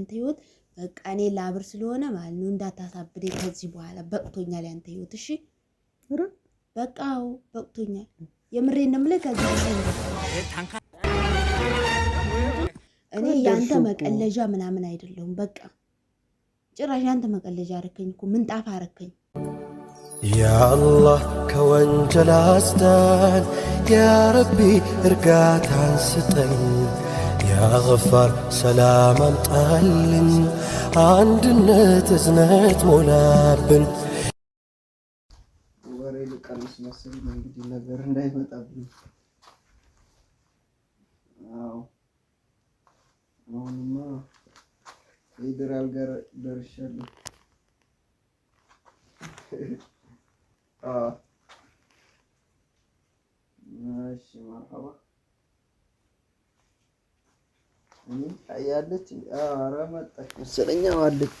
ያንተ ህይወት በቃ እኔ ላብር ስለሆነ ማለት ነው እንዳታሳብደ ከዚህ በኋላ በቅቶኛል። ያንተ ህይወት እሺ በቃው በቅቶኛል። የምሬን ነው ከዚህ እኔ ያንተ መቀለጃ ምናምን አይደለሁም። በቃ ጭራሽ ያንተ መቀለጃ አረከኝ እኮ ምንጣፍ አረከኝ። ያአላህ ከወንጀል አስዳን፣ ያረቢ እርጋታን ስጠኝ። ያገፋር ሰላም አምጣልን፣ አንድነት እዝነት ሞላብን። ወሬ ልቀንስ መሰለኝ እንግዲህ ነገር እንዳይመጣብኝ። አዎ አሁንማ ፌዴራል ጋር ደርሻለሁ። እሺ መርሐባ ያለች ኧረ መጣች መሰለኝ። አለች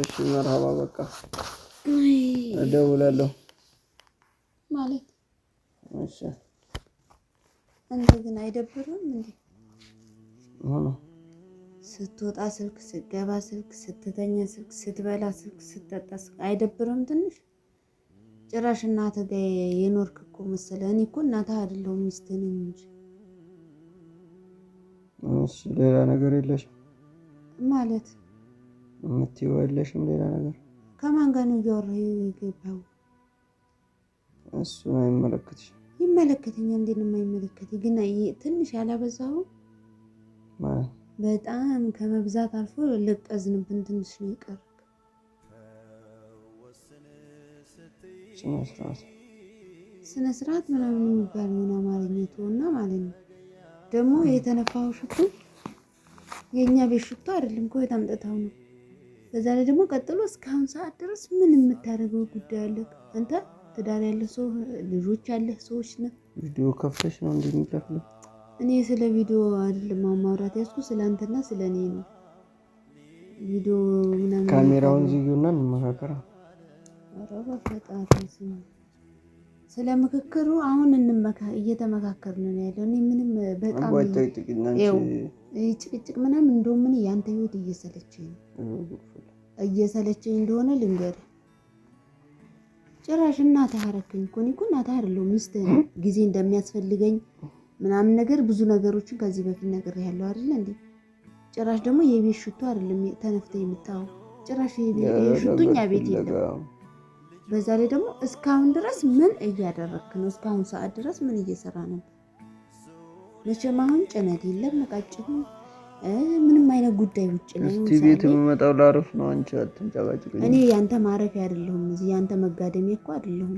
እሺ፣ መርሀባ በቃ እደውላለሁ ማለት እሺ። ግን አይደብርም እንዴ? ስትወጣ ስልክ፣ ስትገባ ስልክ፣ ስትተኛ ስልክ፣ ስትበላ ስልክ፣ ስትጠጣ ስልክ አይደብርም ትንሽ? ጭራሽ እናተ ጋ የኖርክ እኮ መሰለ እኔ እኮ እናተ አይደለሁም ሚስትህ ነኝ እንጂ። እሺ ሌላ ነገር የለሽም ማለት የምትይው የለሽም ሌላ ነገር? ከማን ጋር ነው እያወራ የገባው? እሱን አይመለከትሽ። ይመለከተኛል። እንዴት ነው የማይመለከትህ? ግን ትንሽ ያላበዛው በጣም ከመብዛት አልፎ ልቀዝንብን ትንሽ ነው ይቀር ስነ ስርዓት ምናምን የሚባል ምን አማርኛ ተወና ማለት ነው። ደግሞ የተነፋው ሽቱ የእኛ ቤት ሽቶ አይደለም እኮ የታምጠታው ነው። በዛ ላይ ደግሞ ቀጥሎ እስካሁን ሰዓት ድረስ ምን የምታደርገው ጉዳይ አለ? አንተ ትዳር ያለ ሰው ልጆች ያለ ሰዎች ነ ቪዲዮ ከፍተሽ ነው እንዴ እኔ ስለ ቪዲዮ አይደለም ማውራት ያዝኩ፣ ስለ አንተና ስለ እኔ ነው። ቪዲዮ ምናምን ካሜራውን ዝዩና እንመካከራ ኧረ በፈጣሪ ስም ስለ ምክክሩ አሁን እየተመካከርን ነው ያለው። እኔ ምንም በጣም ጭቅጭቅ ምናምን እንደው ምን ያንተ ህይወት እየሰለችኝ ነው እየሰለችኝ እንደሆነ ልንገር። ጭራሽ እናትህ አደረከኝ እኮ እኔ እኮ እናትህ አይደለሁም ሚስትህ ነው። ጊዜ እንደሚያስፈልገኝ ምናምን ነገር ብዙ ነገሮችን ከዚህ በፊት ነገር ያለው አይደለ እንዴ? ጭራሽ ደግሞ የቤት ሽቶ አይደለም ተነፍተ የምታው ጭራሽ የቤት ሽቶ እኛ ቤት የለም። በዛ ላይ ደግሞ እስካሁን ድረስ ምን እያደረግክ ነው? እስካሁን ሰዓት ድረስ ምን እየሰራ ነው? መቼም አሁን ጭነት የለም መቃጭም ምንም አይነት ጉዳይ ውጭ እስቲ ቤት የምመጣው ላረፍ ነው። አንቺ አትንጫባጭ። እኔ ያንተ ማረፊያ አይደለሁም። እዚህ ያንተ መጋደሜ እኮ አይደለሁም።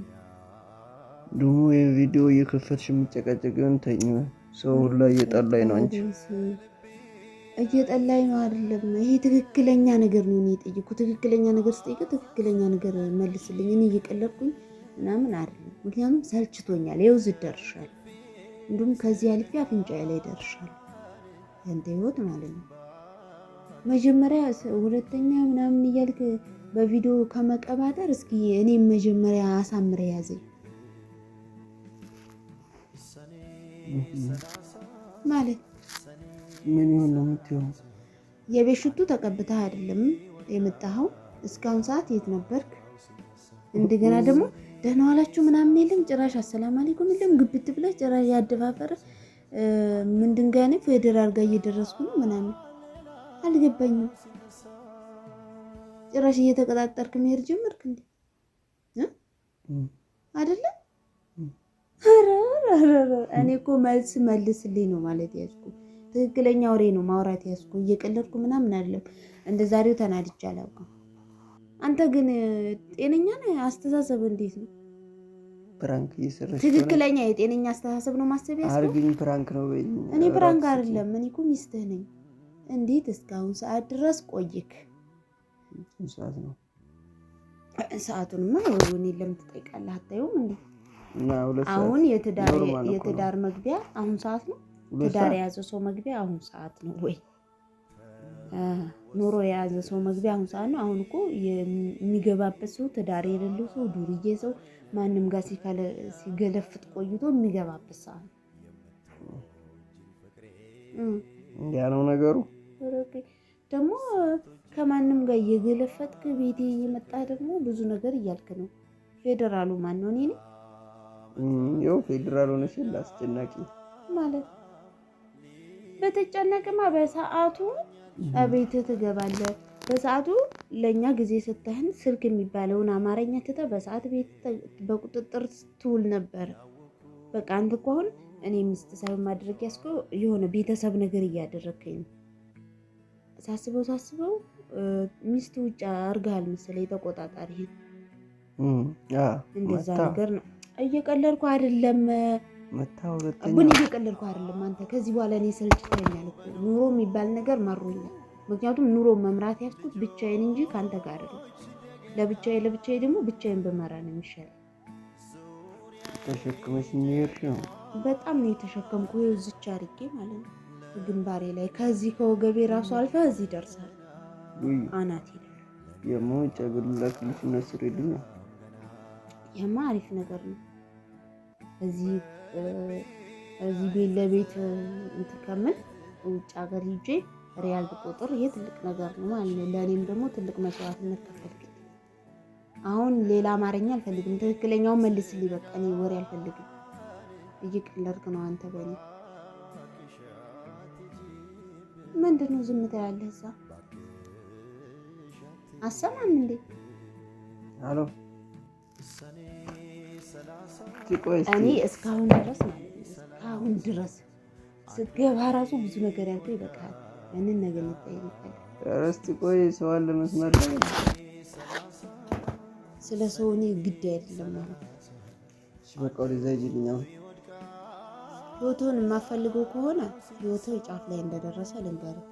ደግሞ ይህ ቪዲዮ እየከፈትሽ የምጨቃጨቅ ሆን ተኝ ሰው ሁላ እየጠላኝ ነው አንቺ እየጠላኝ ነው አይደለም። ይሄ ትክክለኛ ነገር ነው። እኔ ጠይቁ ትክክለኛ ነገር ስጠይቅ ትክክለኛ ነገር መልስልኝ። እኔ እየቀለድኩኝ ምናምን አይደለም። ምክንያቱም ሰልችቶኛል። ይኸው እዚህ ደርሻል። እንዲሁም ከዚህ አልፌ አፍንጫ ላይ ደርሻል። ያንተ ህይወት ማለት ነው። መጀመሪያ ሁለተኛ ምናምን እያልክ በቪዲዮ ከመቀባጠር እስኪ እኔም መጀመሪያ አሳምረ ያዘኝ ማለት ምን ይሆን ነው የምትሆነው? የቤት ሽቱ ተቀብተህ አይደለም የመጣኸው? እስካሁን ሰዓት የት ነበርክ? እንደገና ደግሞ ደህና ዋላችሁ ምናምን የለም ጭራሽ አሰላም አለይኩም የለም ግብት ብለህ ጭራሽ ያደፋፈረ ምን ድንጋይ ነው ፌዴራል ጋር እየደረስኩ ነው ምናምን አልገባኝም። ጭራሽ እየተቀጣጠርክ መሄድ ጀመርክ እንዴ? አይደለም እኔ እኮ መልስ መልስልኝ ነው ማለት ያዝኩ። ትክክለኛ ወሬ ነው ማውራት ያስኩ እየቀለድኩ ምናምን አይደለም። እንደ ዛሬው ተናድጄ አላውቅም። አንተ ግን ጤነኛ ነህ? አስተሳሰብ እንዴት ነው? ፕራንክ እየሰራሽ ትክክለኛ የጤነኛ አስተሳሰብ ነው ማሰብ ያስኩ። አርግኝ ፕራንክ ነው ወይ? እኔ ፕራንክ አይደለም። እኔ እኮ ሚስትህ ነኝ። እንዴት እስካሁን ሰዓት ድረስ ቆይክ? ሰዓት ነው ሰዓቱንማ ወሩን የለም ትጠይቃለህ። አታዩም እንዴ? አሁን የትዳር መግቢያ አሁን ሰዓት ነው ትዳር የያዘ ሰው መግቢያ አሁን ሰዓት ነው ወይ ኑሮ የያዘ ሰው መግቢያ አሁን ሰዓት ነው? አሁን እኮ የሚገባበት ሰው ትዳር የሌለው ሰው ዱርዬ ሰው ማንም ጋር ሲገለፍጥ ቆይቶ የሚገባበት ሰዓት ነው። እንዲያ ነው ነገሩ። ደግሞ ከማንም ጋር እየገለፈጥክ ቤቴ እየመጣ ደግሞ ብዙ ነገር እያልክ ነው። ፌዴራሉ ማን ነው? እኔ ነኝ። ያው አስጨናቂ ማለት ብትጨነቅማ በሰዓቱ ቤት ትገባለህ። በሰዓቱ ለእኛ ጊዜ ሰጥተህን ስልክ የሚባለውን አማርኛ ትተህ በሰዓት ቤት በቁጥጥር ትውል ነበር። በቃ አንተ እኮ አሁን እኔ ሚስት ሳይሆን ማድረግ ያስኮ የሆነ ቤተሰብ ነገር እያደረግከኝ ነው። ሳስበው ሳስበው ሚስት ውጭ አድርገሃል መሰለኝ ተቆጣጣሪህን። እንደዛ ነገር ነው። እየቀለድኩ አይደለም። አቡን እየቀለልኩ አይደለም። አንተ ከዚህ በኋላ እኔ ሰልችቶኛል እኮ ኑሮ የሚባል ነገር መሮኛል። ምክንያቱም ኑሮ መምራት ያስኩት ብቻዬን እንጂ ከአንተ ጋር አይደለም። ለብቻዬ ለብቻዬ ደግሞ ብቻዬን በመራ ነው የሚሻለው። ተሸክመሽ የሚሄድሽው በጣም ነው የተሸከምኩ። ይኸው እዚች አድርጌ ማለት ነው ግንባሬ ላይ ከዚህ ከወገቤ ራሱ አልፈ እዚህ ደርሳል። አናቴ የማውጫ ግላክ ልጅ ነስሬድና የማ አሪፍ ነገር ነው እዚህ እዚህ ቤት ለቤት እንትከምን ውጭ ሀገር ሂጄ ሪያል ብቆጥር ይሄ ትልቅ ነገር ነው ማለት ነው። ለእኔም ደግሞ ትልቅ መስዋዕትነት ከፈልኩኝ። አሁን ሌላ አማርኛ አልፈልግም። ትክክለኛውን መልስልኝ። በቃ እኔ ወሬ አልፈልግም። እየቀለድክ ነው አንተ በእኔ ምንድን ነው ዝም ትላለህ? እዛ አሰማም እንዴ? አሎ እኔ እስካሁን ድረስ እስካሁን ድረስ ስትገባ ራሱ ብዙ ነገር ያልኩህ ይበቃል። ያንን ነገር ልጠይቅ እስቲ ቆይ ሰዋን ለመስመር ላይ ስለ ሰው እኔ ግድ አይደለም በቃ ወደዛ ይጅልኛው ህይወትህን የማፈልገው ከሆነ ህይወትህ ጫፍ ላይ እንደደረሰ ልንገርህ።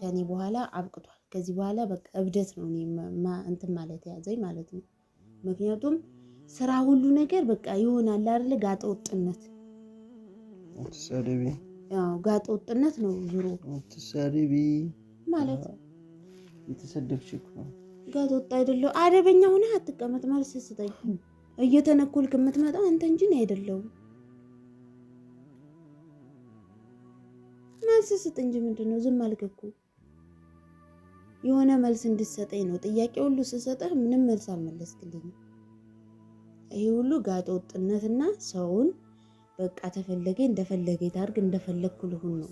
ከእኔ በኋላ አብቅቷል። ከዚህ በኋላ በቃ እብደት ነው እኔ እንትን ማለት ያዘኝ ማለት ነው ምክንያቱም ስራ ሁሉ ነገር በቃ ይሆናል አይደል? ጋጠ ወጥነት ያው ጋጠ ወጥነት ነው ዙሮ ማለት የተሰደብሽ እኮ ጋጠ ወጥ አይደለሁ። አደበኛ ሆነህ አትቀመጥ ማለት ስስጠኝ እየተነኮልክ የምትመጣው አንተ እንጂ ነው አይደለሁም። መልስ ስጥ እንጂ ምንድን ነው? ዝም አልክ እኮ የሆነ መልስ እንድትሰጠኝ ነው ጥያቄ ሁሉ ስሰጠህ ምንም መልስ አልመለስክልኝም። ይሄ ሁሉ ጋጠ ወጥነትና ሰውን በቃ ተፈለገ እንደፈለገ ታርግ እንደፈለግኩ ልሁን ነው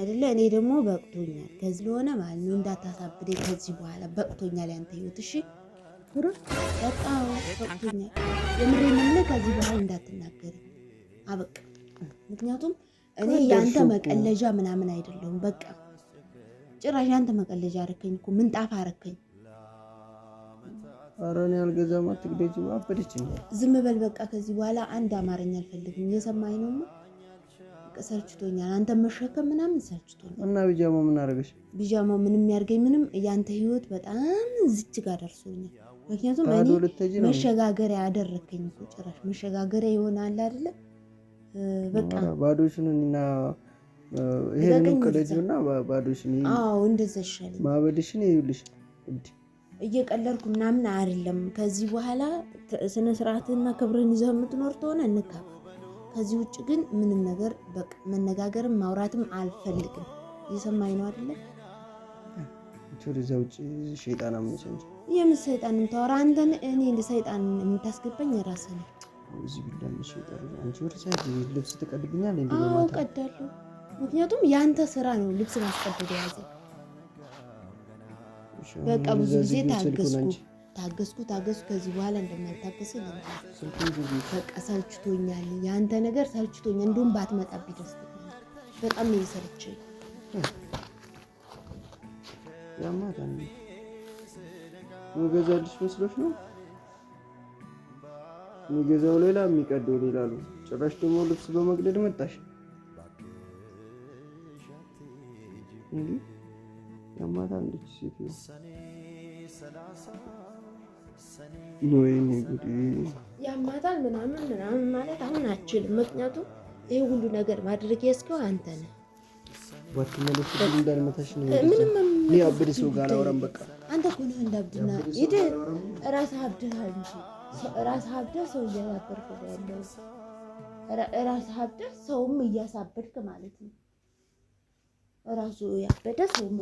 አይደለ? እኔ ደግሞ በቅቶኛል፣ ከዚህ ለሆነ ማለት ነው እንዳታሳብደ ከዚህ በኋላ በቅቶኛል፣ ያንተ ህይወት እሺ፣ ብሩ በቃ በቅቶኛል። የምሬ ምለ ከዚህ በኋላ እንዳትናገር አበቃ። ምክንያቱም እኔ ያንተ መቀለጃ ምናምን አይደለሁም። በቃ ጭራሽ ያንተ መቀለጃ አረከኝ እኮ ምንጣፍ አረከኝ። ኧረ እኔ አልገዛም፣ አትግደጅ። አበደችኝ። ዝም በል በቃ። ከዚህ በኋላ አንድ አማርኛ አልፈልግም። እየሰማኝ ነው? ሰልችቶኛል። አንተ መሸከም ምናምን ሰልችቶኛል። እና ቢጃማ ምን አደረገሽ? ቢጃማ ምንም ያርገኝ ምንም፣ ያንተ ህይወት በጣም ዝች ጋር ደርሶኛል። ምክንያቱም እኔ መሸጋገሪያ ያደረከኝ እኮ ጭራሽ መሸጋገሪያ ይሆናል አይደለ? በቃ ባዶሽን እና ይሄንን ቅደጅና ባዶሽን። አዎ እንደዛ ይሻለኝ። ማበድሽን ይኸውልሽ እንዴ እየቀለድኩ ምናምን አይደለም። ከዚህ በኋላ ስነ ስርዓትና ክብርን ይዘህ የምትኖር ከሆነ እንካባ። ከዚህ ውጭ ግን ምንም ነገር በቃ መነጋገርም ማውራትም አልፈልግም። እየሰማኝ ነው አይደለ? ወደዛ ውጭ ሸይጣን እንጂ የምን ሰይጣን የምታወራ አንተን እኔ ሰይጣን የምታስገባኝ የራስህ ነው። እዚህ ሸይጣን አንቺ ልብስ ትቀድብኛል ምክንያቱም የአንተ ስራ ነው ልብስ ማስቀደድ የያዘ በቃ ብዙ ጊዜ ታገስኩ ታገስኩ ታገስኩ። ከዚህ በኋላ እንደማልታገስ በቃ ሰልችቶኛል፣ የአንተ ነገር ሰልችቶኛል። እንዲሁም ባትመጣብኝ ደስ በጣም ነው የሰለቸኝ። ወገዛ አዲስ መስሎች ነው የሚገዛው ሌላ የሚቀደው ሌላ ነው። ጭራሽ ደግሞ ልብስ በመቅደድ መጣሽ እንዲህ የተሰማት አንድች ሴት ወይኔ ጉዴ! ያማታል ምናምን ምናምን ማለት አሁን አችልም። ምክንያቱም ይህ ሁሉ ነገር ማድረግ ያስከው አንተ ነህ። አብድ ሰው ጋር በቃ አንተ እኮ ነህ እንዳብድና ሂድ እራስህ አብድሃል እንጂ እራስህ አብደህ ሰው እያሳበድክ ያለው እራስህ አብደህ ሰውም እያሳበድክ ማለት ነው። እራሱ ያበደ ሰውም